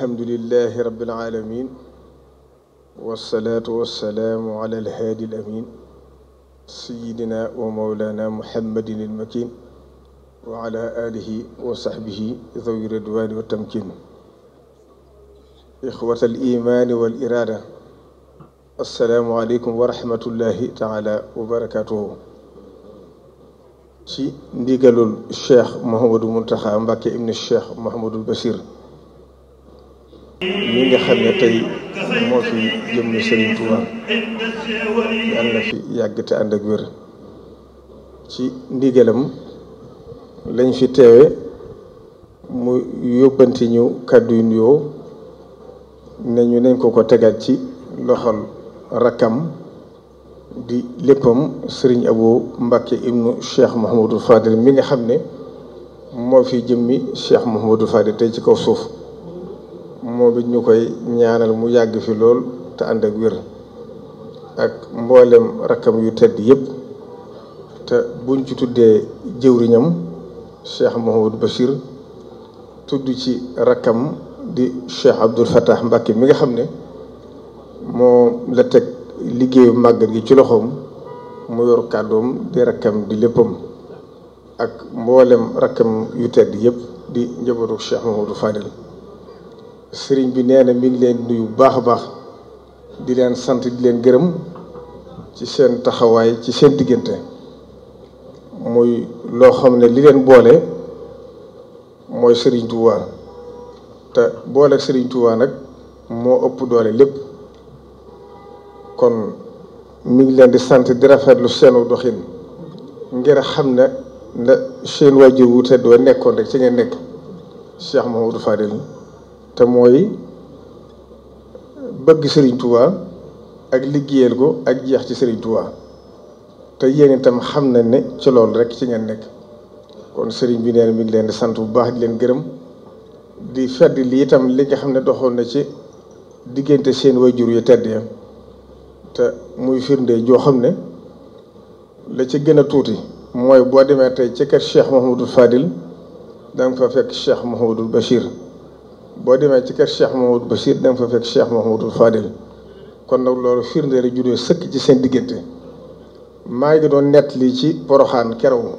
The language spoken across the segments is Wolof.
الحمد لله رب العالمين والصلاة والسلام على الهادي الأمين سيدنا ومولانا محمد المكين وعلى آله وصحبه ذوي الردوان والتمكين إخوة الإيمان والإرادة السلام عليكم ورحمة الله تعالى وبركاته ci ndigalul cheikh محمود Mountakha Mbacké ibn cheikh محمود البشير li nga xam ne tey moo fi jëm na Serigne Touba yàlla na fi yàgg te ànd ak wér ci ndigalam lañ fi teewe mu yóbbanti ñu kàddu yu nuyoo ne ñu nañ ko ko tegaat ci loxol rakkam di léppam Serigne Abo Mbacke ibnu Cheikh Mouhamadou Fadil mi nga xam ne moo fi jëmmi Cheikh Mouhamadou Fadil tey ci kaw suuf. moom bi ñu koy ñaanal mu yàgg fi lool te ànd ak wér ak mboolem rakkam yu tedd yëpp te buñ ci tuddee jëwriñam Cheikh Mouhamadou Bachir tudd ci rakkam di Cheikh Abdoul Fattah Mbacké mi nga xam ne moom la teg liggéeyu màggal gi ci loxoom mu yor kàddoom di rakkam di léppam ak mboolem rakkam yu tedd yëpp di njabootu Cheikh Mouhamadou Fadel sëriñ bi nee na mi ngi leen nuyu baax a baax di leen sant di leen gërëm ci seen taxawaay ci seen diggante muy loo xam ne li leen boole mooy sëriñ Tuubaa te boole ak sëriñ Tuubaa nag moo ëpp doole lépp kon mi ngi leen di sant di rafetlu seenu doxin ngir xam ne na seen waajur wu tedd doo nekkoon rek ci ngeen nekk Cheikh Mahamadou Fadel te mooy bëgg sëriñ Touba ak liggéeyal ko ak jeex ci sëriñ Touba te yéen itam xam na ne ci lool rek ci ngeen nekk kon sëriñ bi nee na mi ngi leen di sant bu baax leen gërëm di fedd li itam li nga xam ne doxoon na ci diggante seen wayjur yu tedd ya te muy firnde joo xam ne la ci gën a tuuti mooy boo demee tey ci kër Cheikh Mouhamadou Fadil danga fa fekk Cheikh Mouhamadou Bachir boo demee ci kër Cheikh Mahamadou Bachir da nga fa fekk Cheikh Mahamadou Fadil kon nag loolu firnde la sëkk ci seen diggante maa ngi doon nett lii ci poroxaan keroog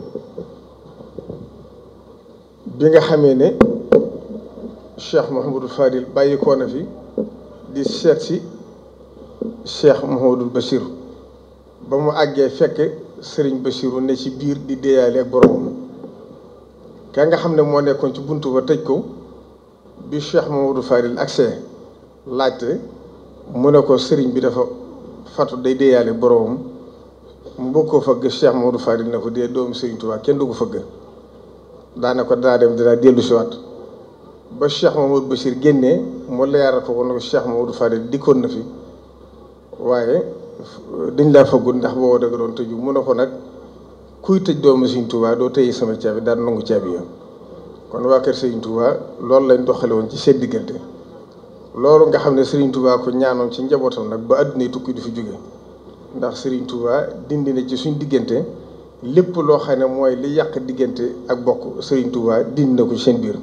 bi nga xamee ne Cheikh Mahamadou Fadil bàyyi koo na fi di seet si Cheikh Mahamadou Bachir ba mu àggee fekk sëriñ Bachir ne ci biir di deeyaale ak boroomam ka nga xam ne moo nekkoon ci bunt ba tëj ko bi Cheikh Mamadou Fadil accès laajte mu ne ko sëriñ bi dafa fatu day déeyaale boroomam mu bëgg koo fëgg Cheikh Mamadou Fadil ne ko dee doomu sëriñ kenn du ko fëgg daa dem dinaa dellu waat ba Cheikh Mamadou Bachir génnee mu leeral ko ko ne ko dikkoon na fi waaye dañ laa fëggul ndax boo da nga doon tëju mu ne ko nag kuy tëj doomu sëriñ Tuubaa doo tëye sama caabi daal nangu caabi yoon kon waa kër Serigne Touba loolu lañ doxale woon ci seen diggante loolu nga xam ne Serigne Touba ko ñaanoon ci njabootam nag ba àdduna tukki du fi jóge ndax sëriñ Touba dindi na ci suñ diggante lépp loo xam ne mooy li yàq diggante ak bokk Serigne Touba na ko ci seen biir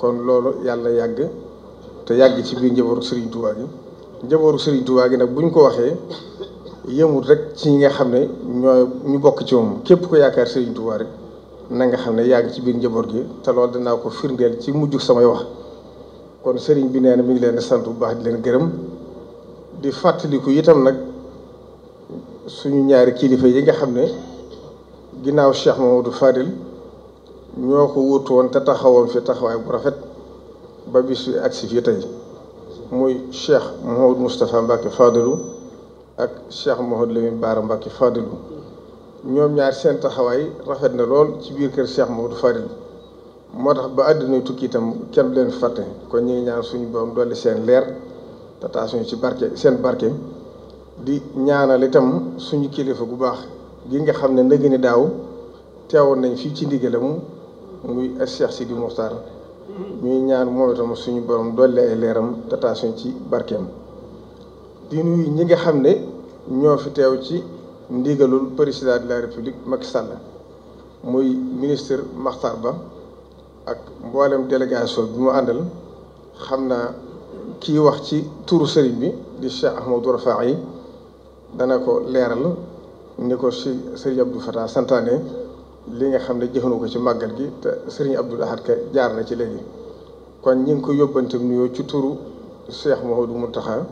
kon loolu yàlla yàgg te yàgg ci biir njabootu Serigne Touba gi njabootu Serigne Touba gi nag buñ ko waxee yëmul rek ci ñi nga xam ne ñooy ñu bokk ci moom képp ko yaakaar Serigne Touba rek. na nga xam ne yaa ngi ci biir njaboot gi te loolu danaa ko firndeel ci mujj samay wax kon sëriñ bi nee na mi ngi leen sant bu baax di leen gërëm di fàttaliku itam nag suñu ñaari kilifa yi nga xam ne ginnaaw Cheikh Mamadou Fadil ñoo ko wuutu woon te taxawoon fi taxawaay bu rafet ba bis bi agsi fii tey muy Cheikh Mouhamadou Moustapha Mbacke Fadilou ak Cheikh Mouhamadou Lamine Bara Mbacke Fadilou ñoom ñaar seen taxawaay rafet na lool ci biir kër Cheikh Mamadou Fadil moo tax ba àddina tukki itam kenn leen fàtte kon ñu ngi ñaan suñu borom dolli seen leer te taasuñu ci barke seen barke di ñaanal itam suñu kilifa gu baax gi nga xam ne ndëgg daaw teewoon nañ fii ci ndigalam muy Cheikh Sidi Mokhtar ñuy ñaan moom suñu borom dolli ay leeram te ci barkeem ñi nga xam ne ñoo fi teew ci. ndigalul président de la république Macky Sall muy ministre Makhtar Ba ak mboolem délégation bi mu àndal xam naa kii wax ci turu sëriñ bi di Cheikh Ahmadou Rafahi dana ko leeral ni ko si sëriñ Abdou Fatah santane li nga xam ne jëfandu ko ci màggal gi te sëriñ Abdoul Ahad ka jaar na ci léegi kon ñu ngi ko yóbbante nuyoo ci turu Cheikh mu taxa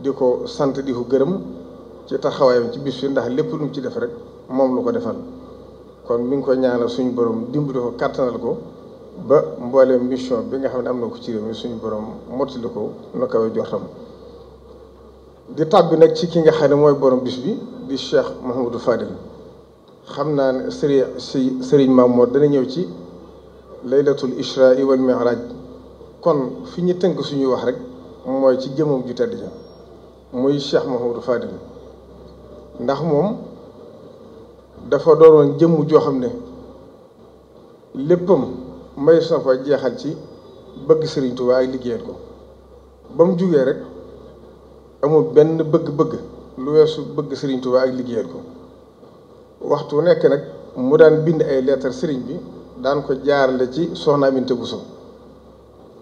di ko sant di ko gërëm ci taxawaayam ci bis bi ndax lépp lu ci def rek moom lu ko defal kon mi ngi ko ñaanal suñu borom dimbali ko kàttanal ko ba mbooleem mission bi nga xam ne am na ko ci réew mi suñu borom mottali ko na jox tam di tàbbi nag ci ki nga xam ne mooy borom bis bi di Cheikh Mouhamadou Fadil xam naa ne sëriñ si sëriñ Mamour dana ñëw ci laylatul isra wal mi'raj kon fi ñu tënk suñuy wax rek mooy ci jëmam ju tedd ja muy Cheikh Mouhamadou Fadil ndax moom dafa doonoon jëmm joo xam ne léppam may sa fa jeexal ci bëgg Sëriñ Tuubaa ak liggéeyal ko ba mu jugee rek amul benn bëgg-bëgg lu weesu bëgg Sëriñ Tuubaa ak liggéeyal ko waxtu nekk nag mu daan bind ay leetar sëriñ bi daan ko jaarale ci Soxna bu Bousso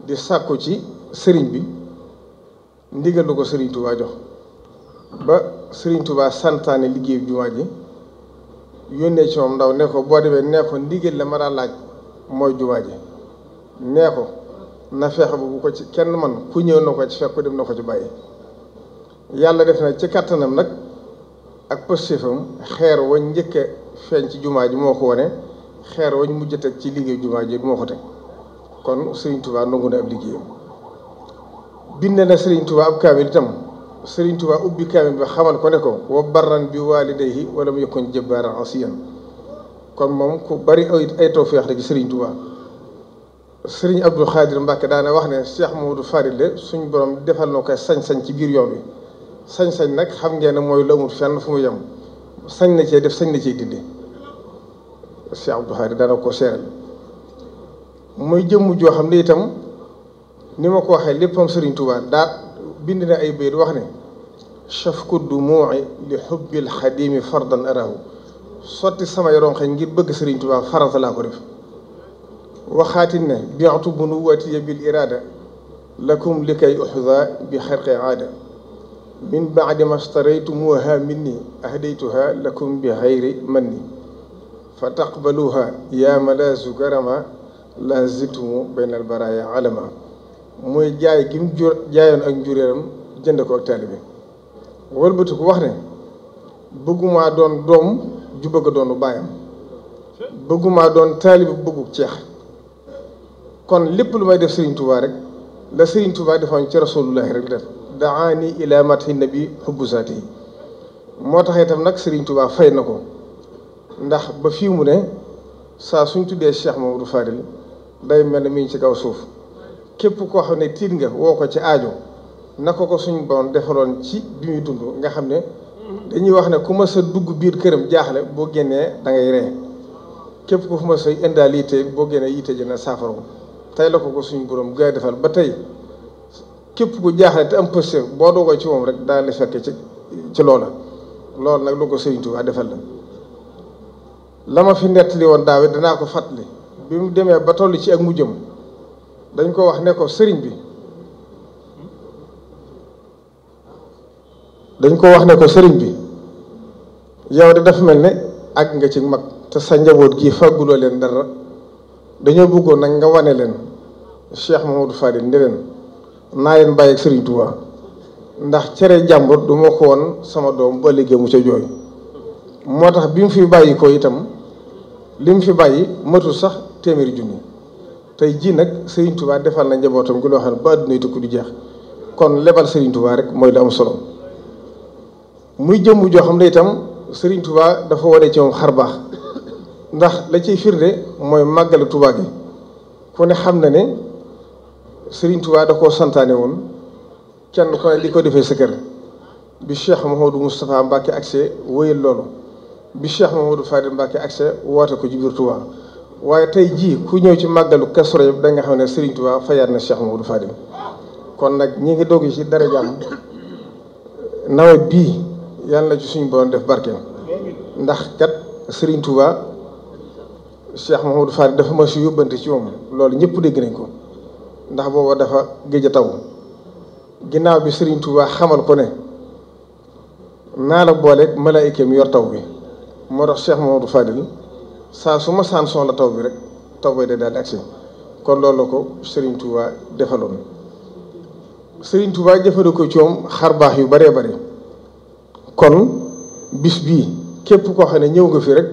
di sàkku ci sëriñ bi ndigal ko Sëriñ Tuubaa jox ba Serigne Touba santaane liggéey bi jumaa ji yónnee ci moom ndaw ne ko boo demee nee ko ndigal la ma daan laaj mooy jumaa ji nee ko na feex bu ko ci kenn man ku ñëw na ko ci fekk ko dem na ko ci bàyyi yàlla def na ci kàttanam nag ak pëstéefam xeer wañ njëkk feeñ ci jumaa ji moo ko wone xeer wañ mujj a teg ci liggéey jumaa ji moo ko teg kon Serigne Touba nangu na ab liggéeyam bind na Serigne Touba ab kaamil itam sëriñ Tuubaa ubbi kaamil bi xamal ko ne ko wa barran bi waalidayhi wa lam yakun jabbaaran asiyan kon moom ku bari ay tawfeex rek sëriñ Tuubaa sëriñ Abdou Khadir Mbacke daana wax ne Cheikh Mamadou Farid de suñ borom defal na ko sañ-sañ ci biir yoon wi sañ-sañ nag xam ngeen ne mooy lu amul fenn fu mu yem sañ na cee def sañ na cee dindi Cheikh Abdou Khadir daana ko seeral muy jëmm joo xam ne itam ni ma ko waxee léppam sëriñ Tuubaa بن رأي بير وغني شفك الدموع لحب الخديم فرضا أراه صوت السماء يرون خنجر بق سرين تبا فرض لا قريف وخاتنا بيعت بنواتي بالإرادة لكم لكي أحظى بحرق عادة من بعد ما اشتريتموها مني أهديتها لكم بغير مني فتقبلوها يا ملاذ كرما لازلتم بين البرايا علما mooy jaay gi mu jur jaayoon ak njuréeram jënd ko ak taalibe bi wëlbati ku wax ne bëggumaa doon doom ju bëgg a doonu baayam bëggumaa doon taalibe bu bëggu ceex kon lépp lu may def Serigne Touba rek la Serigne Touba defoon ci rasulullahi rek def daani ila matxi bi xubbu saati yi moo tax itam nag sëriñ Touba fay na ko ndax ba fii mu ne saa suñ tuddee Cheikh Mamadou Fadil day mel ne mi ci kaw suuf képp koo xam ne tiit nga woo ko ci aajo na ko ko suñ boon defaloon ci bi muy dund nga xam ne dañuy wax ne ku ma sa dugg biir këram jaaxle boo génnee da ngay ree képp ku fu ma sa indaal boo génnee yitte ji na saafara tey la ko ko suñ borom gay defal ba tey képp ku jaaxle te am posture boo doogoo ci moom rek daal di fekk ci ci loola loolu nag lu ko Sëriñ Tuubaa defal la la ma fi nettali woon daaw danaa ko fàttali bi mu demee ba toll ci ak mujjam dañ ko wax ne sëriñ bi dañ ko wax ne sëriñ bi yow de dafa mel ne àgg nga ci mag te sa njaboot gi fàgguloo leen dara dañoo bëggoon nag nga wane leen Cheikh Mamadou Fadil ne leen naa leen bàyyi ak sëriñ Touba ndax cere jàmbur du ma ko woon sama doom ba liggéey mu ca jooy moo tax bi mu fi bàyyi ko itam li mu fi bàyyi matul sax téeméeri junni tey jii nag Serigne tubaa defal na njabootam gi loo xam ne ba àdduna tukku du jeex kon lebal Serigne Touba rek mooy lu am solo muy jëmm joo xam ne itam sëriñ tubaa dafa wane ci moom xar baax ndax la ciy firnde mooy màggalu tubaa gi ku ne xam na ne sëriñ Touba da koo santaane woon kenn ku ne di ko defee sa kër bi Cheikh Mouhamadou Moustapha Mbacke accès wéyal loolu bi Cheikh Mouhamadou Fadil Mbacke accès woote ko ci biir waaye tey jii ku ñëw ci màggalu Kazu Rajab da nga xam ne Serigne Touba na na Cheikh du Fadim kon nag ñi ngi dogg ci dara jàmm nawet bii yàlla na ci suñu bon def barkeem ndax kat Serigne Touba Cheikh Mamadou Fadim dafa ma si yóbbante ci moom loolu ñëpp dégg nañ ko ndax booba dafa géej a taw ginnaaw bi Serigne Touba xamal ko ne naa la booleeg malaayika mi yor taw bi moo tax Cheikh Mamadou Fadil. saa su ma saan soxla taw bi rek taw bi day daal di agsi kon loolu la ko Serigne Touba defaloon sëriñ Touba jëfandikoo ko coom xar baax yu baree bare kon bis bii képp ko xam ne ñëw nga fi rek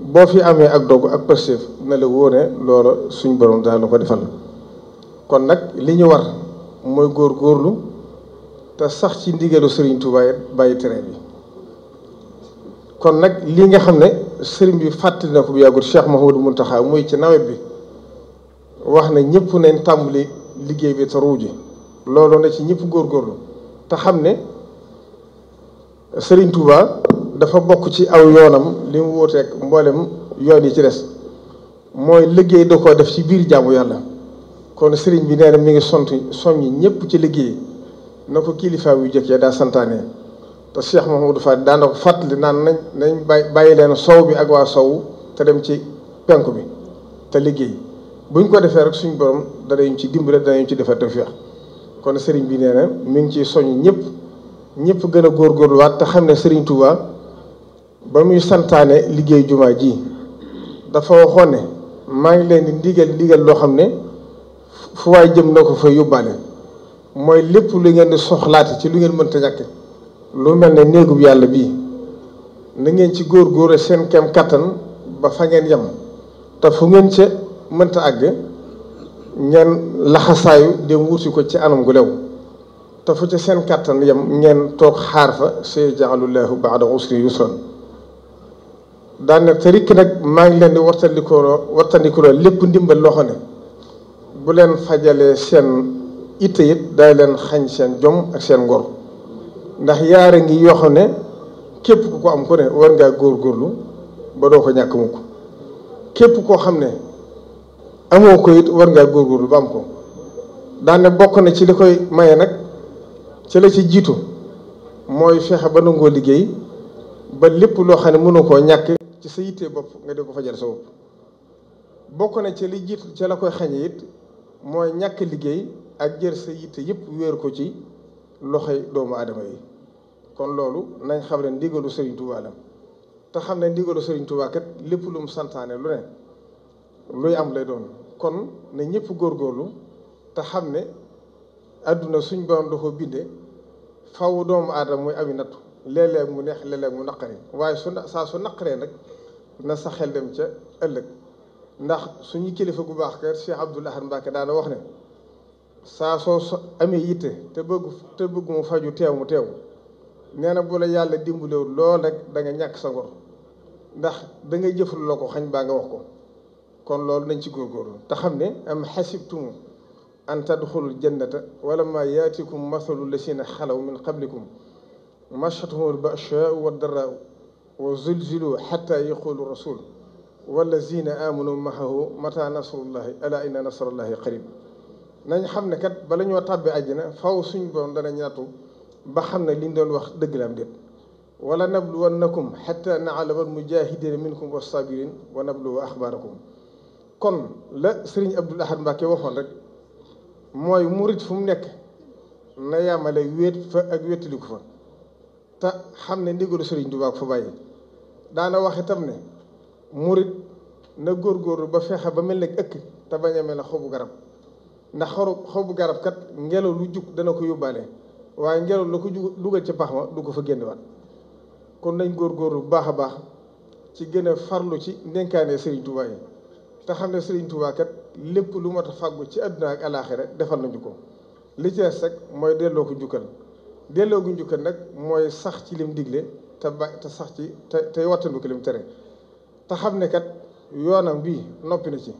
boo fi amee ak dogg ak pësteef na la wóone loola suñ borom daal la ko defal kon nag li ñu war mooy góor góorlu te sax ci ndigalu Serigne Touba bàyyi tere bi kon nag li nga xam ne sëriñ bi fàttali na ko bu yàggul Cheikh mun Mountakha muy ci nawet bi wax na ñëpp nañ tàmbali liggéey bi te ruuji loolu na ci ñëpp góorgóorlu te xam ne sëriñ Touba dafa bokk ci aw yoonam li mu wuuteeg mboolem yoon yi ci des mooy liggéey da ko def ci biir jaamu yàlla kon sëriñ bi nee na ngi sont yi ñëpp ci liggéey na ko kilifa yu jëkk ya daa santaane te Cheikh Mouhamadou Fadi fàttali naan nañ nañ bàyyi leen sow bi ak waa sow te dem ci penk bi te liggéey buñ ko defee rek suñ borom danañ ci dimbale danañ ci defar tawfeex kon sëriñ bi nee na mi ngi ciy soññ ñëpp ñëpp gën a góorgóorluwaat te xam ne sëriñ Touba ba muy santaane liggéey jumaa ji dafa waxoon ne maa ngi leen di ndigal ndigal loo xam ne fu waay jëm na ko fa yóbbaale mooy lépp lu ngeen di soxlaate ci lu ngeen mënta ñàkke lu mel ne néegub yàlla bi na ngeen ci góor góor seen kem kàttan ba fa ngeen yem te fu ngeen ca mënta àgg ngeen laxasaayu dem wuti ko ci anam gu lew te fu ca seen kàttan yam ngeen toog xaar fa say jaalullaahu baada usri yusran daan na te rikk nag maa ngi leen di wartandikuloo wartandikuloo lépp ndimbal loxo ne bu leen fajalee seen itte it day leen xañ seen jom ak seen ngor ndax yaara ngi yoo xam ne képp ku ko am ko ne war ngaa góorgóorlu ba doo ko ñàkk mukk képp koo xam ne amoo ko it war ngaa góorgóorlu ba am ko daane bokk na ci li koy maye nag ci la ci jiitu mooy fexe ba nangoo liggéey ba lépp loo xam ne mënu koo ñàkk ci sa yittee bopp nga di ko fajal sa bopp bokk na ci li jiitu ci la koy xañe it mooy ñàkk liggéey ak jër sa yitte yëpp wéeru ko ci loxoy doomu aadama yi kon loolu nañ xam ne ndigalu Serigne te xam ne ndigalu Serigne Touba kat lépp lu mu santaane lu ne luy am lay doon kon ne ñëpp góorlu te xam ne àdduna suñ borom lu ko bindee faw doomu aadama muy ami nattu léeg mu neex léeg mu naqari waaye su saa su naqaree nag na sa xel dem ca ëllëg ndax suñu kilifa gu baax ka Cheikh Abdoul Ahad Mbacké daana wax ne saa soo amee yitte te bëgg te bëgg faju teew mu teew neena bu la yàlla dimbalewul lool rek da nga ñàkk sa ngor ndax da nga jëfal la ko xañ baa nga wax ko kon loolu nañ ci góorgóorlu te xam ne am xasibtum an tadxulul jannata wala ma yaatikum masalu lasina xalaw min qablikum mashathumul bashaa wa darraa wa zulzilu xata yaqulu rasul walazina amanu mahahu mata nasrullahi ala inna nasrullahi qarib nañ xam ne kat bala ñoo tàbbi àjjana faw suñ borom dana ñatu ba xam ne liñ doon wax dëgg la am déet wala nabluwannakum xatta naalama almujahidina minkum wassabirin wa nabluwa axbaarakum kon la sëriñ Abdul Ahad Mbàkke waxoon rek mooy murit fu mu nekk na yàmmale wéet fa ak wéetaliku fa te xam ne ndigalu sëriñ Tuubaa fa bàyyi daana wax itam ne murit na góorgóorlu ba fexe ba mel ne ëkk te bañ a mel ne xobu garab ndax xoru xobu garab kat ngelaw lu jug dana ko yóbbaale waaye ngelaw la ko dugal ci pax ma du ko fa génn waat kon nañ góor bu baax a baax ci gën a farlu ci ndenkaane Serigne Touba te xam ne sëriñ Touba kat lépp lu mat a ci àdduna ak alaaxira defal nañu ko li ci mooy delloo njukkal delloo ko nag mooy sax ci lim digle te ba te sax ci te tey wattandu ko lim tere te xam ne kat yoonam bii noppi na ci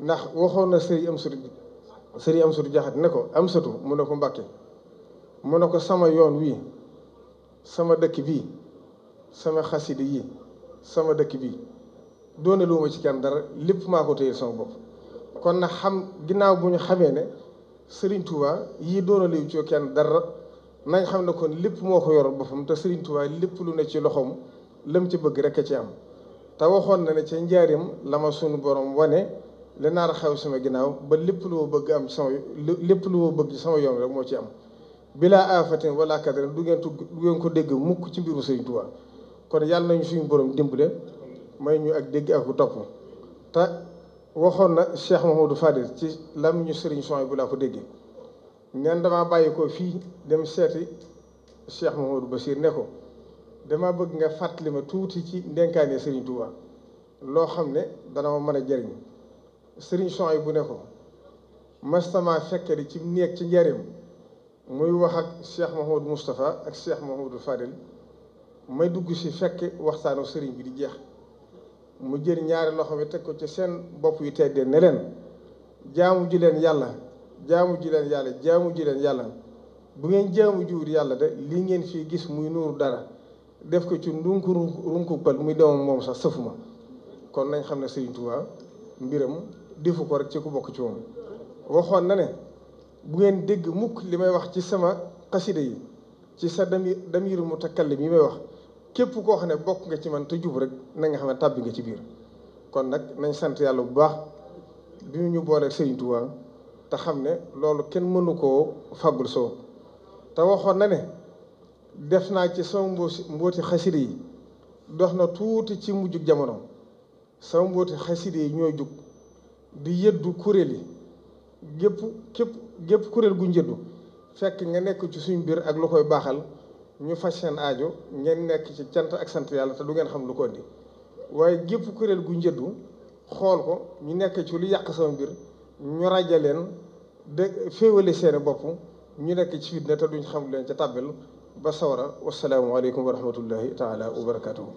ndax waxoon na Serigne Amsatu Serigne Amsatu Jaxate ne ko Amsatu mu ne ko Mbàkke mu ne ko sama yoon wii sama dëkk bii sama xasida yi sama dëkk bii doone lu ci kenn dara lépp maa ko téye sama bopp kon na xam ginnaaw bu ñu xamee ne Serigne yii doona lu ci kenn dara nañ xam ne kon lépp moo ko yoral boppam te Serigne lépp lu ne ci loxoom la mu ci bëgg rek a ci am te waxoon na ne ca njaarim la ma sunu borom wane li naar xew sama ginnaaw ba lépp lu ma bëgg am sama lépp lu woo bëgg sama yoon rek moo ci am bila afatin wala kadrin du ngeen tugg du ko dégg mukk ci mbirum Sëriñ Tuubaa kon yàlla nañu suñu borom dimbale may ñu ak dégg ak topp te waxoon na Cheikh Mahamadou Fadil ci lam ñu Sëriñ Souhaïbou bu laa ko déggee neen damaa bàyyi ko fii dem seeti Cheikh Mahamadou Bachir ne ko dama bëgg nga fàttali ma tuuti ci ndenkaane Sëriñ Tuubaa loo xam ne dana ma mën a jëriñ Sëriñ Souhaïbou bu ne ko mastama fekkee di ci néeg ci njëriñ muy wax ak Cheikh Mouhamadou Moustapha ak Cheikh du Fadel may dugg ci fekk waxtaanu sëriñ bi di jeex mu jël ñaari loxo bi teg ko ci seen bopp yu teddee ne leen jaamu ji leen yàlla jaamu ji leen yàlla jaamu ji leen yàlla bu ngeen jaamu jiwut yàlla de li ngeen fii gis muy nuur dara def ko ci ndunku runku bal muy demam moom sax sëfuma kon nañ xam ne sëriñ Tuubaa mbiram defu ko rek ci ku bokk ci moom waxoon na ne bu ngeen dégg mukk li may wax ci sama xasida yi ci sa dami damiru mutakallim yi may wax képp koo xam ne bokk nga ci man te jub rek nanga xam ne tàbbi nga ci biir kon nag nañ sant yàlla bu baax bi ñu booleeg Sëriñ Tuubaa te xam ne loolu kenn mënu koo fàggul soo te waxoon na ne def naa ci sama mbooti mbooti xasida yi dox na tuuti ci mujj jamono sama mbooti xasida yi ñooy jug di yëddu kuréel yi gépp képp gépp kuréel gu njëddu fekk nga nekk ci suñ biir ak lu koy baaxal ñu faj seen aajo ngeen nekk ci cant ak sant yàlla te du ngeen xam lu ko indi waaye gépp kuréel gu njëddu xool ko ñu nekk ci lu yàq sama mbir ñu raja leen de féewale seeni bopp ñu nekk ci fitna te duñ xam leen ca tàbbel ba sawara wasalaamualeykum wa rahmatullahi taala wa barakatuhu